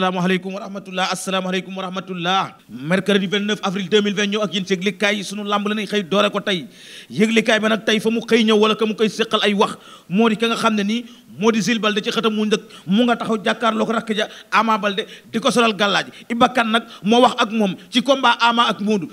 asalaamaaleykum wa rahmatullah asalaamaaleykum wa rahmatullah mercredi 29 avril 2020 ñëw ak yéen ci yëglikaay yi sunu làmb la nañ xëy doore ko tey yëglikaay ba nag tey fa mu xëy ñëw wala ka mu koy séqal ay wax moo di ka xam ne nii moo di Zil Balde ci xëtam mu njëkk mu nga taxaw ko rakk ja Ama Balde di ko solal gàllaaj Ibakan nag moo wax ak moom ci combat Ama ak Modou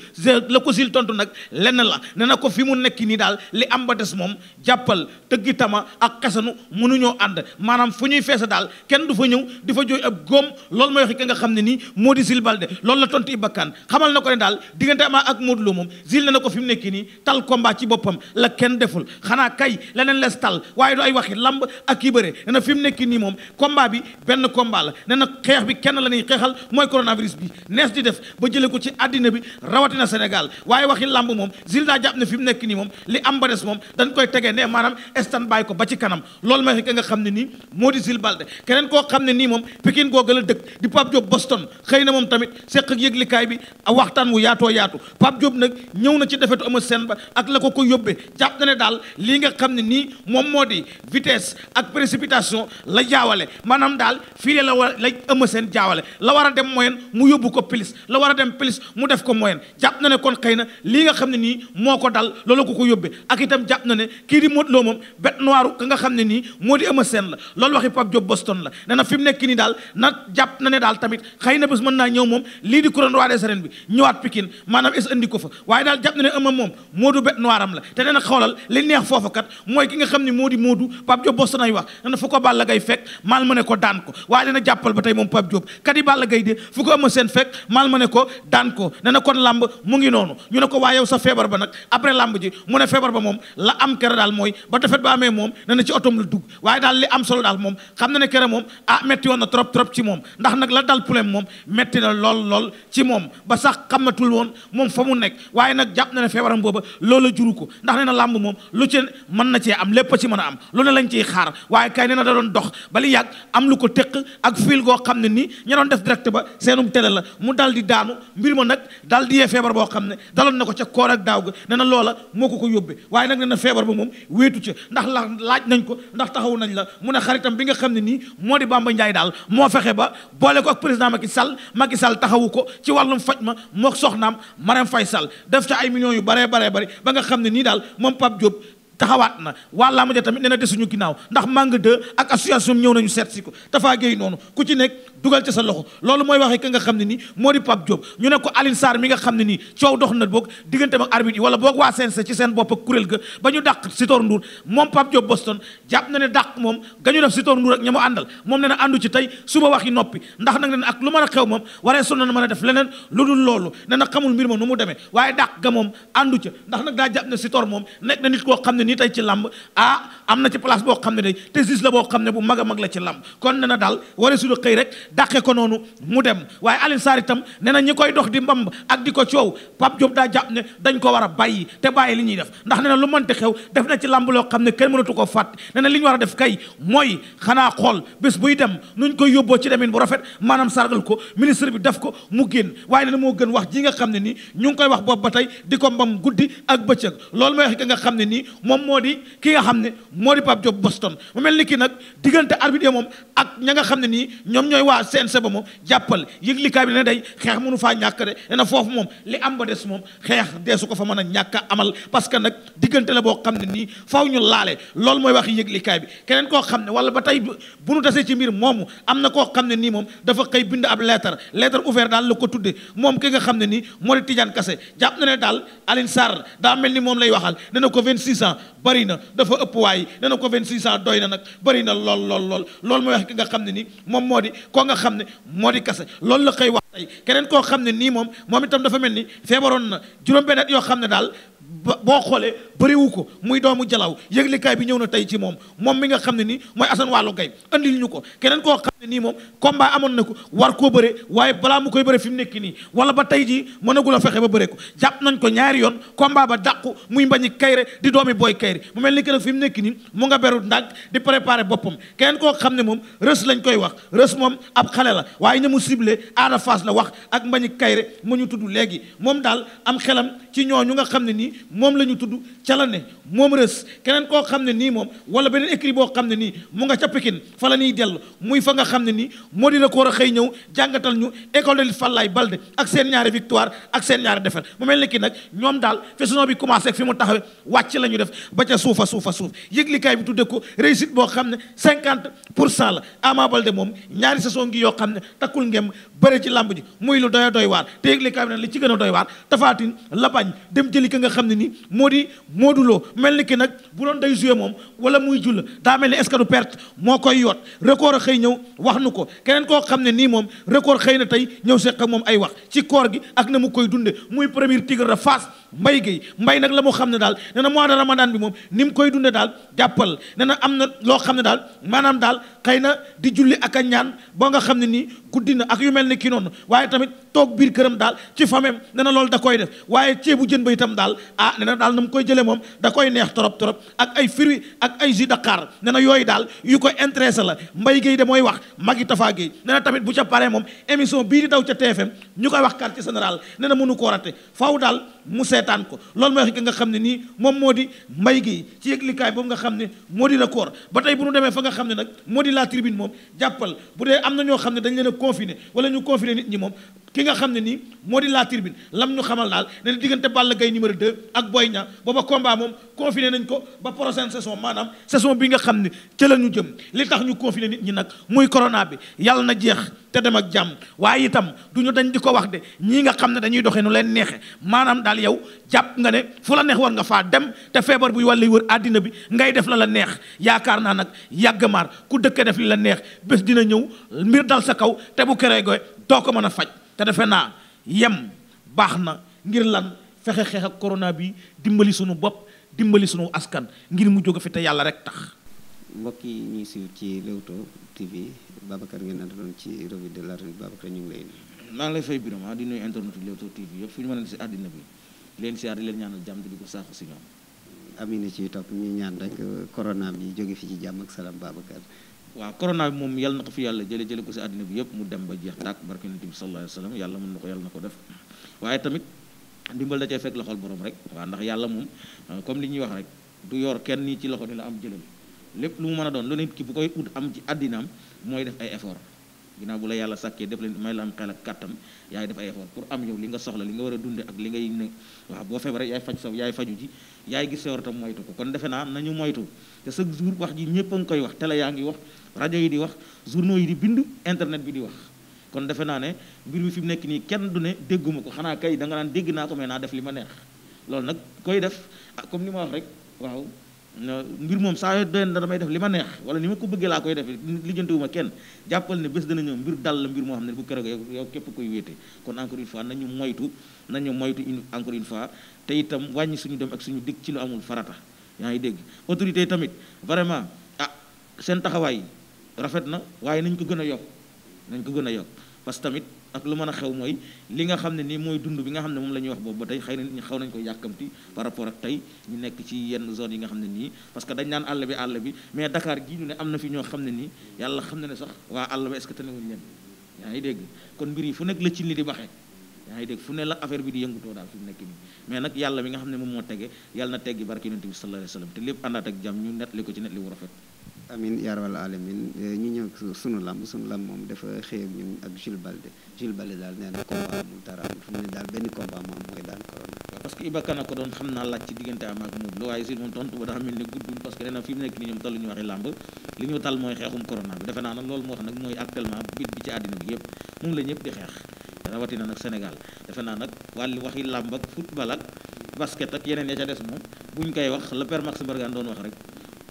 la ko Zil tontu nag lenn la ne na ko fi mu nekk nii daal li am ba des moom jàppal tëggi tama ak xesanu mënuñoo ànd maanaam fu ñuy feesa daal kenn du fa ñëw di fa jooy ab góom loolu mooy waxi ki nga xam ne nii moo di Jules Baldé loolu la tontu Iba Kane xamal na ko ne daal diggante Ama ak Modou Lo moom Jules ne na ko fi mu tal combat ci boppam la kenn deful xanaa kay leneen les tal waaye du ay waxi lamb ak i bëre na fi mu nekk nii moom combat bi benn combat la ne na xeex bi kenn la ñuy xeexal mooy coronavirus bi nees di def ba jëlee ko ci àddina bi rawatina Sénégal waaye waxi lamb moom Jules daa jàpp ne fi mu nekk nii moom li am ba des moom dañ koy tegee ne maanaam stand by ko ba ci kanam loolu mooy waxi ki nga xam ne nii moo di Jules Baldé keneen koo xam ne nii moom Pikine googu la dëkk di Pape Diop Boston xëy na moom tamit seq ak yëglikaay bi waxtaan wu yaatoo yaatu Pape Diop nag ñëw na ci defetu Eumeu Sène ba ak la ko ko yóbbee jàpp na ne daal lii nga xam ne nii moom moo di vitesse ak précipitation la jaawale maanaam daal fii la war la Eumeu Sène jaawale la war a dem mu yóbbu ko plus la war a dem plus mu def ko moyenne jàpp na ne kon xëy na lii nga xam ne nii moo ko dal loolu ko ko yóbbee ak itam jàpp na ne kii di Modou Lo moom bête noire ka nga xam ne nii moo di Eumeu Sène la loolu waxi Pape Diop Boston la nee na fi mu nekk nii daal na jàpp jàpp na ne daal tamit xëy na bés mën naa ñëw moom lii di couronne roi des arènes bi ñëwaat Pikine maanaam es andi ko fa waaye daal jàpp na ne ëmam moom moodu bête noire la te nee xoolal li neex foofa kat mooy ki nga xam ne moo di moodu Pape Diop bos nay wax na ma ne ko daan ko waaye dana jàppal ba tey moom Pape Diop kat yi Balla Gaye de fu ko fekk maal ma ne ko daan ko ne na kon làmb mu ngi noonu ñu ne ko waa sa feebar ba nag après làmb ji mu ne feebar ba moom la am kere daal mooy ba defet ba amee moom ne na ci otom la dugg waaye daal li am solo na ne kere moom ah metti na trop trop ci moom ndax nag la dal problème moom metti na lool lool ci moom ba sax xamatul woon moom fa mu nekk waaye nag jàpp na ne feebaram booba loola juru ko ndax nee na làmb moom lu ci mën na cee am lépp ci mën a am lu ne lañ ciy xaar waaye kay nee na da doon dox bali yàgg am lu ko teq ak fil goo xam ne nii ña doon def direct ba seenum télé la mu dal di daanu mbir ma nag dal di feebar boo xam ne daloon na ko ca koor ak daaw ga nee na loola moo ko ko yóbbee waaye nag nee na feebar ba moom wéetu ca ndax la laaj nañ ko ndax taxawu nañ la mu ne xaritam bi nga xam ne nii moo di Bamba Njaay daal moo fexe ba boole ko ak président Macky Sall Macky Sall taxawu ko ci wàllum faj ma moo soxnaam Marème fay sal def ca ay millions yu baree baree bari ba nga xam ne nii daal moom Pape Diop taxawaat na waa laa ma ja tamit nee na suñu ginnaaw ndax màng 2 ak association ñëw nañu seet si ko Tafa Gueye noonu ku ci nekk dugal ci sa loxo loolu mooy waxee ka nga xam ne nii moo di Pape Diop ñu ne ko Alioune Sarr mi nga xam ne nii coow dox na boog digganteem ak arbitre yi wala boog waa CNG ci seen bopp ak kuréel ga ba ñu dàq Sitor Ndour moom Pape Diop Boston jàpp na ne dàq moom ga ñu def Sitor Ndour ak ña mu àndal moom ne na àndu ci tey suba wax yi noppi ndax nag ne ak lu mën a xew moom waree son na mën a def leneen lu dul loolu ne na xamul mbir ma nu mu demee waaye dàq ga moom àndu ca ndax nag daa jàpp ne Sitor moom nekk na nit koo xam ne nii tey ci làmb ah am na ci place boo xam ne day te gis la boo xam ne bu mag a mag la ci làmb kon ne na daal waree sudu xëy rek dàqe ko noonu mu dem waaye Alioune Sarr itam nee na ñi koy dox di mbamb ak di ko coow Pape Diop daa jàpp ne dañ ko war a bàyyi te bàyyi li ñuy def ndax nee na lu mënti xew def na ci làmb loo xam ne kenn mënatu ko fàtt nee na li ñu war a def kay mooy xanaa xool bés buy dem nuñ koy yóbboo ci demin bu rafet maanaam sargal ko ministre bi def ko mu génn waaye nee moo gën wax ji nga xam ne nii ñu ngi koy wax boobu ba tey di ko mbam guddi ak bëccëg loolu mooy wax ki nga xam ne nii moom moo di ki nga xam ne moo di Pape Diop Boston mu mel ni ki nag diggante arbitre moom ak ña nga xam ne nii ñoom ñooy waa waa CNG ba moom jàppal yëglikaay bi ne day xeex mënu faa ñàkk de nee na foofu moom li am ba des moom xeex deesu ko fa mën a ñàkk amal parce que nag diggante la boo xam ne nii faw ñu laale loolu mooy wax yëglikaay bi keneen koo xam ne wala ba tey bu nu tasee ci mbir moomu am na koo xam ne nii moom dafa xëy bind ab lettre lettre ouverte daal la ko tudde moom ki nga xam ne nii moo di Tidiane Kassé jàpp na ne daal Aline Sarr daa mel ni moom lay waxal ne na ko 26 ans bari na dafa ëpp waay ne na ko 26 ans doy na nag na lool lool loolu mooy wax ki nga xam ne nii moom moo di nga xam ne moo di kase loolu la koy wax tey keneen koo xam ne nii moom moom itam dafa mel ni feebaroon na juróom-benn at yoo xam ne daal boo xoolee bëriwu ko muy doomu jalaw yëglikaay bi ñëw na tey ci moom moom mi nga xam ne nii mooy Assane Wàllu Gay andil ñu ko keneen koo xam ne nii moom combat amoon na ko war koo bëre waaye balaa mu koy bëre fi mu nekk nii wala ba tey jii mënagul a fexe ba bëre ko jàpp nañ ko ñaari yoon combat ba dàqu muy mbañi kayre di doomi booy kayre mu mel ni que nag fi mu nekk nii mu nga beru ndànk di boppam keneen koo xam ne moom rës lañ koy wax rës moom ab xale la waaye ña mu ciblé aada faas la wax ak Mbagnick Kaïré ma ñu tudd léegi moom daal am xelam ci ñooñu nga xam ne nii moom la ñu tudd ca la ne moom rës keneen koo xam ne nii moom wala beneen écrit boo xam ne nii mu nga ca fa la ñuy dellu muy fa nga xam ne nii moo di record a xëy ñëw jàngatal ñu école de lutte Falaye ak seen ñaari victoire ak seen ñaari défaite mu mel ni nag ñoom daal fi saison bi commencé fi mu tax wàcc la ñu def ba ca suufa suufa suuf yëglikaay bi tuddee ko réussite boo xam ne cinquante pour cent la Ama Baldé moom ñaari sason ngi yoo xam ne takkul ngem bëre ci làmb làmb ji muy lu doy waar te yëgle kaay li ci gën a doy waar tafaatin la bañ dem jëli ki nga xam ne ni moo di moo mooduloo mel ni ki nag bu doon day joué moom wala muy julla daa mel ni est-ce que perte moo koy yoot record a xëy ñëw wax nu ko keneen koo xam ne nii moom record xëy na tey ñëw seq ak moom ay wax ci koor gi ak na mu koy dunde muy premier tigre de mbay géey mbay nag la mu xam ne daal nee na mois de ramadan bi moom ni mu koy dunde daal jàppal nee na am na loo xam ne daal maanaam daal xëy na di julli ak a ñaan boo nga xam ne nii guddi na ak yu mel ne kii noonu waaye tamit toog biir këram daal ci famem nee na loolu da koy def waaye ceebu jën ba itam daal ah nee na daal na mu koy jëlee moom da koy neex torop torop ak ay fruits ak ay jus Dakar nee na yooyu daal yu ko intéressé la mbay géey de mooy wax magi Tafa Gueye nee na tamit bu ca paree moom émission bii di daw ca TFM ñu koy wax quartier général nee na mënu koo rate faw daal mu seetaan ko loolu mooy wax nga xam ne nii moom moo di mbay gi ci yëglikaay boobu nga xam ne moo di la koor ba tey bu nu demee fa nga xam ne nag moo di la tribune moom jàppal bu dee am na ñoo xam ne dañ leen a confiné wala ñu confiné nit ñi moom ki nga xam ne nii moo di la tribune lam ñu xamal daal ne na diggante Balla gay numéro 2 ak Boy Niang booba combat moom confiné nañ ko ba prochaine saison maanaam saison bi nga xam ne ca la ñu jëm li tax ñu confiné nit ñi nag muy corona bi yàlla na jeex te dem ak jàmm waaye itam du ñu dañ di ko wax de ñii nga xam ne dañuy doxee nu leen neexe maanaam daal yow jàpp nga ne fu la neex war nga faa dem te feebar buy wàllu wër àddina bi ngay def la la neex yaakaar naa nag yàgg ku dëkkee def li la neex bés dina ñëw mbir dal sa kaw te bu keree goy doo ko mën a faj te defe naa yem baax na ngir lan fexe xeex ak corona bi dimbali sunu bopp dimbali sunu askan ngir mu jóge fi te yàlla rek tax. mbokk yi ñuy siiw ci Leewtoo TV Babacar ngeen àndaloon ci revue de l'arène Babacar ñu ngi lay nuyu. maa ngi lay fay Birama ah, di nuyu internet Leewtoo TV yëpp fu ñu mën a si àddina bi leen si aar di leen ñaanal jàmm di ko saako si ñoom. amina ci topp ñu ñaan rek corona bi jóge fi ci jàmm ak salaam Babacar. waaw corona bi moom yàlla na ko fi yàlla jële jële ko si àddina bi yëpp mu dem ba jeex tàkk barke yonent bi sallallahu alayhi wa sallam yàlla mën na ko yàlla na ko def waaye tamit ndimbal da cee fekk loxool borom rek waa ndax yàlla moom euh, comme li ñuy wax rek du yor kenn nii ci loxo ni la am jëlal lépp lu mu mën a doon lu nit ki bu koy ut am ci àddinaam mooy def ay effort ginnaaw bu la yàlla sàkkee def leen may la am xel ak kàttan yaay def ay effort pour am yow li nga soxla li nga war a dunde ak li ngay ne waaw boo feebaree yaay faj sa yaay faju ji yaay gis sewar tam moytu ko kon defe naa nañu moytu te chaque jour wax ji ñëpp a koy wax télé yaa ngi rajo yi di wax yi di bind internet bi di wax kon defe naa ne mbir mi fi mu nekk nii kenn du ne dégguma ko xanaa kay da nga naan dégg naa ko mais naa def li ma neex loolu nag koy def a ah, comme ni ma wax rek waaw mbir moom saa yoo doyen na damay def li ma neex wala ni ma ko bëggee laa koy defee lijjantewuma kenn jàppal ne bés dana ñëw mbir dal la mbir moo xam ne bu keroog yow képp koy wéete kon encore une fois nañu moytu nañu moytu encore une fois te itam wàññi suñu dem ak suñu dikk ci lu amul farata yaa ngi dégg autorité yi tamit vraiment ah seen taxawaay rafet na waaye nañ ko gën a yokk nañ ko gën a yokk parce tamit ak lu mën a xew mooy li nga xam ne nii mooy dund bi nga xam ne moom la ñuy wax boobu ba tey xëy na nit ñi xaw nañ ko yàkkamti par rapport ak tey ñu nekk ci yenn zone yi nga xam ne nii parce que dañ naan àll bi àll bi mais Dakar gii ñu ne am na fi ñoo xam ne nii yàlla xam na ne sax waa àll ba est-ce que tanewuñ leen yaa dégg kon mbir yi fu nekk la ci li di baxee yaa ngi dégg fu ne la affaire bi di yëngutoo daal fi mu nekk nii mais nag yàlla mi nga xam ne moom moo tege yàlla na teggi barke yonent bi sallallahu alayhi wa sallam amin yaa rabbal alamin eh, ñu ñëw sunu lamb sunu lamb moom dafa xëy ak ñun ak Jules Balde Jules Balde daal nee na combat amul dara amul fu mu ne daal benn combat mu am mooy daan corona. waaw parce que a ko doon xam naa laaj ci diggante am ak Modou Lo waaye Jules moom tontu ba dafa ni guddul parce que nee na fi mu nekk nii ñoom taluñu waxi làmb li ñu tal mooy xeexum corona bi defe naa nag loolu moo xam nag mooy actuellement bit bi ci àddina bi yëpp moom la ñëpp di xeex rawatina nag Sénégal yeneen moom bu ñu koy wax la Père Max rek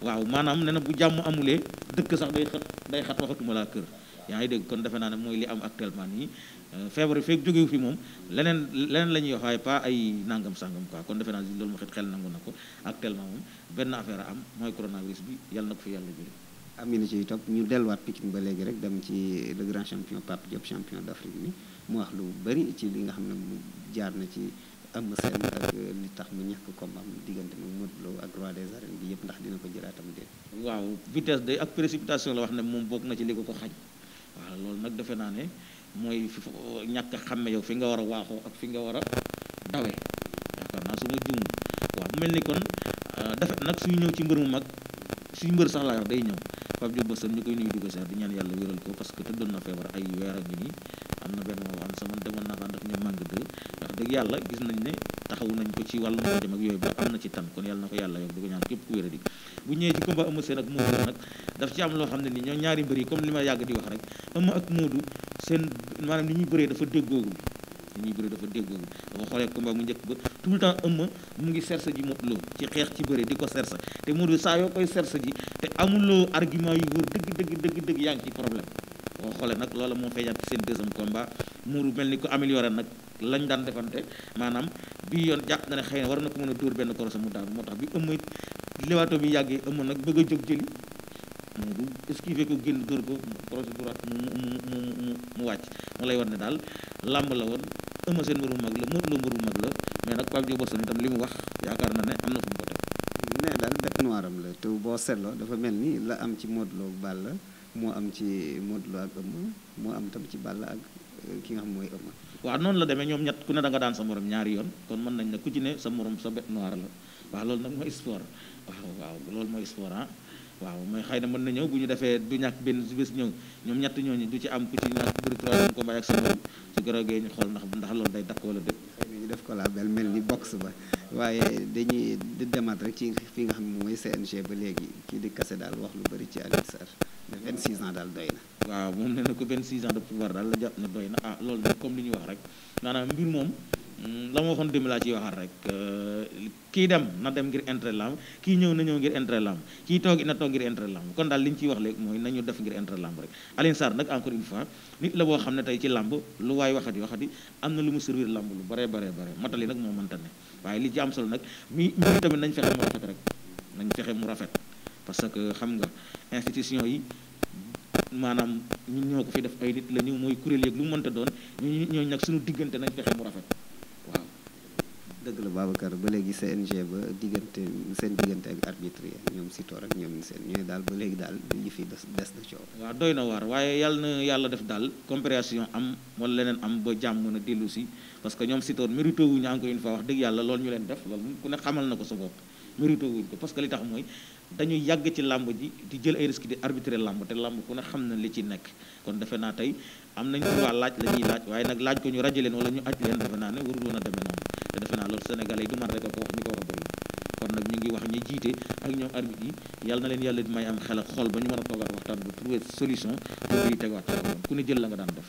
waaw maanaam nee na bu jàmm amulee dëkk sax day xat day xat waxatuma laa kër yaa ngi dégg kon defe naa ne mooy li am actuellement nii euh, feebar feeg jógewu fi moom leneen leneen la ñuy wax waaye pas ay nangam sangam quoi kon defe naa loolu ma xet xel nangu na ko actuellement moom benn affaire a am mooy coronavirus bi yàlla na ko fi yàlla jële am na ciy topp ñu delluwaat Pikine ba léegi rek dem ci le grand champion Pape Diop champion d'Afrique bi mu wax lu bari ci li nga xam ne mu jaar na ci am seen ak li tax mu ñàkk combat am diggante moom Modou Lo ak roi des arènes bi yëpp ndax dina ko jëlaatam déet waaw vitesse day ak précipitation la wax ne moom bokk na ci li ko ko xaj waaw loolu nag defe naa ne mooy ñàkk a xàmme yow fi nga war a waaxoo ak fi nga war a dawe yaakaar naa su ma juum waaw mel ni kon euh, dafa nag suy ñëw ci mbër mu mag suñu mbër sax laay wax day ñëw Pape Diop Boston ñu koy nuyu dugg si di ñaan yàlla wéral ko parce que tëddoon na feebar ay weer ngi nii am na benn moo gis nañ ne taxawu nañ ko ci wàllu moo dem ak yooyu ba ci tan na ko yàlla yokk di ko ñaan képp ku wér di bu loo xam ne ni ñaari mbër yi comme li ma yàgg di wax rek Eumeu ak Modou seen maanaam ni ñuy bëree dafa déggoogul ni ñuy bëree dafa déggoogul dafa xoolee combat mu njëkk ba tout le temps ëmma mu ngi serse ji Modou Lo ci xeex ci bëre di ko serse te mu Modou saa yoo koy serse ji te amuloo argument yu wóor dëgg dëgg dëgg dëgg yaa ngi ci problème oo xoole nag loola moo feeñaat ci seen deuxième mu Modou mel ni ko amélioré nag lañ daan defante maanaam bi yoon jàpp na ne xëy war na ko mën a dóor benn korose mu daanu moo tax bi ëmma lewato bi yàggee ëmma nag bëgg a jóg jëli Modou esquivé ko génn dóor ko korose droite mu mu mu mu wàcc mu lay war ne daal làmb la woon ëmma seen mbër bu bu mais nag Pape Diouf Boston itam li mu wax yaakaar na ne am na fu mu ko teg. mais daal bête noire am la te boo seetloo dafa mel ni la am ci Modou Lo Balla moo am ci Modou Lo ak Eumeu moo am tam ci Balla ak euh, ki nga xam mooy Eumeu. waaw noonu la demee ñoom ñett ku ne da nga daan sa morom ñaari yoon kon mën nañ ne ku ci sa morom sa bête noire la waaw loolu nag mooy sport waaw waaw loolu mooy sport ah. waaw mooy xëy na mën na ñëw bu ñu defee du ñàkk benn bés ñëw ñoom ñett ñooñu du ci am ku ci ñàkk bëri trois ko bàyyi ak sa morom ndax loolu day dakk wala déet ñu def ko label mel ni box ba waaye dañuy demaat rek ci fi nga xam ne mooy CNG ba léegi kii di kase daal wax lu bëri ci Alioune Sarr de 26 ans daal doy na. waaw moom nee na ko 26 ans de pouvoir daal la jàpp ne doy na ah loolu nag comme li ñuy wax rek maanaam mbir moom. Mm, la ma waxoon démb laa ciy waxaat rek euh, kii dem na dem ngir intérêt lamb kii ñëw na ñëw ngir intérêt lamb kii toog na toog ngir intérêt lamb kon daal li ñu ciy wax léegi mooy nañu def ngir intérêt lamb rek Alioune Sarr nag encore une boo xam ne tey ci lamb lu waay waxati waxati am na lu mu servir lamb lu bare bare bare matali nag moo mënta ne waaye li ci am solo nag mi mi tamit nañ fexe mu rafet rek nañ fexe mu rafet parce que xam nga institution yi maanaam ñun ñoo ko fi def ay nit la ñu mooy kuréel yeeg lu mu mënta doon ñooñu nag suñu diggante nañ fexe mu rafet dëgg la Babacar ba léegi CNG ba diggante seen diggante ak arbitre ñoom Sitor ak ñoom seen ñooy daal ba léegi daal yi fi des na coow. waaw doy na waar waaye yàlla def daal compréhension am wala leneen am ba jàmm mën a dellu si parce que ñoom Sitor mérité wuñu encore une fois wax dëgg yàlla loolu ñu leen def loolu ku ne xamal na ko sa bopp mérité wuñ ko parce que li tax mooy dañuy yàgg ci làmb ji di jël ay risque di arbitrer làmb te làmb ku ne xam na li ci nekk kon defe naa am nañ droit laaj la ñuy laaj waaye nag laaj ko ñu rajo leen wala ñu aj leen defe naa ne warul woon a demee noonu te defe naa loolu sénégalais yi du man rek ko wax ñu ko nag ñu ngi wax ñi jiite ak ñoom arbitre yi na leen yàlla di am xel ak xol ba ñu mën a toogaat waxtaan bu trouver solution pour ñuy tegaat ku ne jël la nga daan def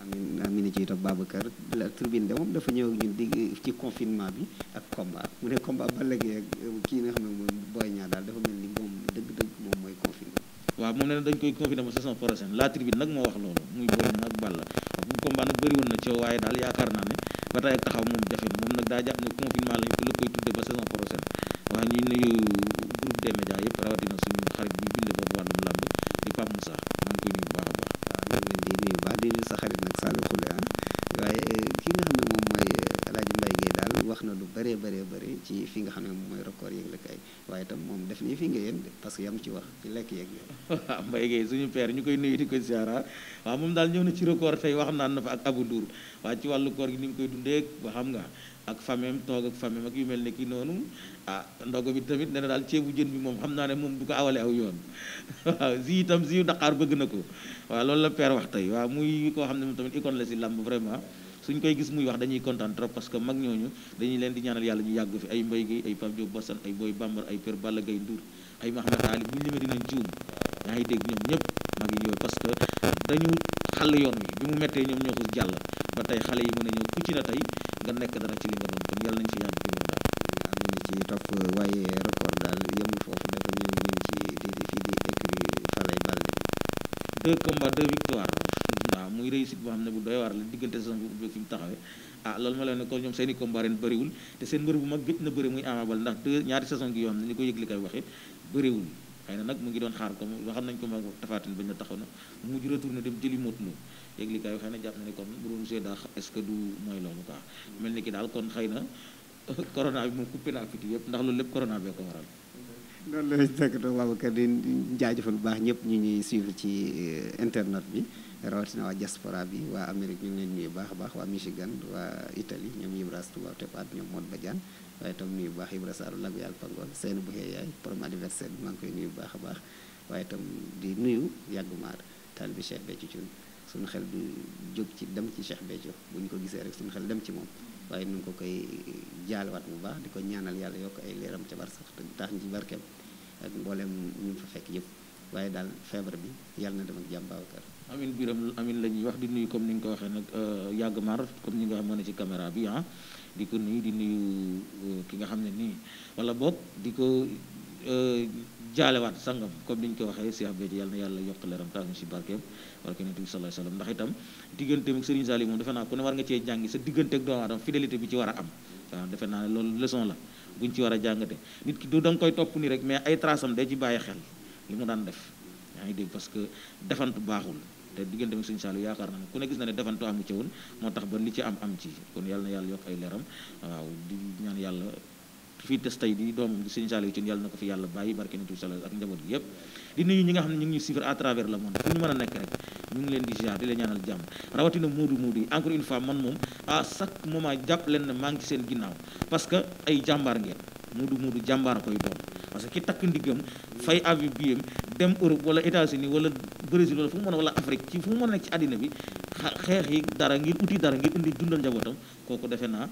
amin amin ci itam Babacar la tribune de moom dafa ñëw ak digg ci confinement bi ak combat mu ne combat ba léegi ak euh, kii nga xam ne moom booy ñaar daal dafa mel ni moom dëgg-dëgg moom mooy confinement waaw moom ne dañ koy confiné mo saison nag moo wax loolu bëri woon na coow waaye daal yaakaar naa ne ba tey ak taxaw moom jafe moom nag daa jàpp ne confinement lañ la koy tudde ba saison prochaine waaye ñu nuyu groupe des médias yëpp rawatina suñu xarit bi binde boobu wàllum làmb di Pape Moussa maa koy nuyu bu baax a baax waaw ñu ngi leen di nuyu baax di nuyu sa xarit nag Saliou Khoule ah waaye ki nga xam ne moom mooy wax na lu bëree bëree bëri ci fi nga xam ne mooy record yëglekaay waaye itam moom def ni fi nga yéen parce yam ci wax ci lekk yeeg yooyu. waaw suñu père ñu koy nuyu di ko siyaara waaw moom daal ñëw na ci record tey wax naan na fa ak Abou Ndour waaye ci wàllu koor gi ni mu koy dundee ba xam nga ak famem toog ak famem ak yu mel ne ki noonu ah ndogo bi tamit nee na daal ceebu jën bi moom xam naa ne moom du ko awale aw yoon waaw si itam si Dakar bëgg na ko waaw loolu la père wax tey waaw muy koo xam ne moom tamit icône la si suñ koy gis muy wax dañuy kontaan parce que mag ñooñu dañuy leen di ñaanal yàlla ñu yàgg fi ay Mbaye Guèye ay Pape Diop ay Boy Bambara ay Père Balla Gaye Ndour ay Mahamad Ali bu ñu limee ngi dégg ñoom mag yi parce que dañu xàll yoon bi mu méttee ñoom ñoo ko jàll ba tey xale yi mën a ñëw ci na tey nga nekk dara ci li nga nañ fi yàgg fi wér daal. am nañu ci waaye record daal yemul foofu nag ñu ngi ñu ngi ci di fii di écurie Falaye Baldé. deux combats deux victoires. muy réussite la diggante saison bi ubbi fi mu taxawee dem jëli Modou Lô yëgle kay xëy na jàpp na ne baax ñëpp ñu ñuy suivre ci euh, internet bi rawatina waa diaspora bi waa Amérique ñu ngi leen nuyu baax a baax waa Michigan waa Italie ñoom Ibras Touba Tepaat ñoom Mod Badiane waaye itam nuyu baax Ibra Saalu Lagu Yàlla Pangol seen bu xëy yaay borom anniversaire bi maa ngi koy nuyu baax a baax waaye itam di nuyu yàggumaar taalibi Cheikh Béthio Thioune suñu xel du jóg ci dem ci Cheikh Béthio bu ñu ko gisee rek suñu xel dem ci moom waaye nu ngi ko koy jaalewaat bu baax di ko ñaanal yàlla yokk ay leeram ca bar sax te tax ci barkeem ak mboolem ñu fa fekk yëpp waaye daal feebar bi yàlla na dem ak jàmbaaw amin biram amin la ñuy wax di nuyu comme ni nga ko waxee nag euh, yàgg mar comme ni nga xam ne ci caméra bi ah di ko nuyu di nuyu euh, ki nga xam ne nii wala boog di ko euh, jaalewaat sangam comme ni ñu ko waxee Cheikh Béthio yàlla yàlla yokk leeram taas ñu si barkeem barke Nabi bi sallallahu alayhi wasallam ndax itam diggante ak Serigne defe naa ku ne war nga cee jàngi sa diggante ak doomu aadama bi ci war a am waaw defe naa ne loolu leçon la buñ ci war a jàngate nit ki du da nga koy topp nii rek mais ay trace am day ci bàyyi xel li mu daan def yaa ngi dégg parce que defantu baaxul te diggante ak sëñ Saliou yaakaar naa ne ku ne gis na ne defantu amu ci woon moo tax ba li ci am am ci kon yàlla yàlla yokk ay leeram waaw di ñaan yàlla fii des tey di doomam di sëñ Saliou Thioune yàlla na ko fi yàlla bàyyi barke nañ ci sala ak njaboot gi yëpp di nuyu ñi nga xam ne ñu ngi ñuy à travers le monde fu ñu mën a nekk rek ñu ngi leen di ziar di leen ñaanal jàmm rawatina Moodu Moodu yi encore une fois man moom ay jàmbaar ngeen Moodu Moodu jàmbaar koy doon parce que ki takk ndiggam dem Europe wala États-Unis wala Brésil wala fu mu mën a wala Afrique ci fu mu mën a nekk ci àddina bi xeex yi dara ngir uti dara ngir indi dundal njabootam kooku defe naa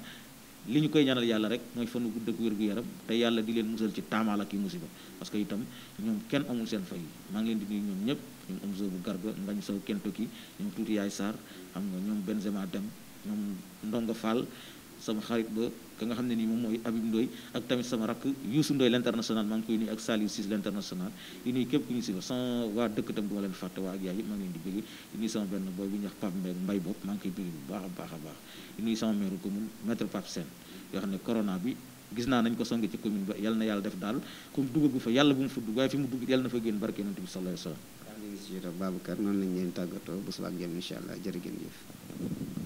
li ñu koy ñaanal yàlla rek mooy fanu gudd ak wér gu yaram te yàlla di leen musal ci taamaal ak i musiba parce que itam ñoom kenn amul seen fay maa ngi leen di nuyu ñoom ñëpp ñoom am so bu garga ngañ sow kentoki ñoom tuuti yaay Sarr xam nga ñoom Benzema dem ñoom Ndonga Fall sama xarit ba ka nga xam ne nii moom mooy Habib Ndoy ak tamit sama rakk Youssou Ndoy l'international maa ngi koy nuyu ak Saliou l'international di nuyu képp ku ñu si sama waa dëkk itam leen fàtte waa ak yaay yëpp maa ngi koy bëgg bu baax a baax a baax di nuyu sama maire commune maître Pape Sène yoo xam ne corona bi gis naa nañ ko songe ci commune ba yàlla na yàlla def daal comme duggagu fa yàlla bu mu fa dugg waaye fi mu dugg yàlla na fa génn barke yonent bi sallallahu alayhi wa sallam Babacar noonu lañ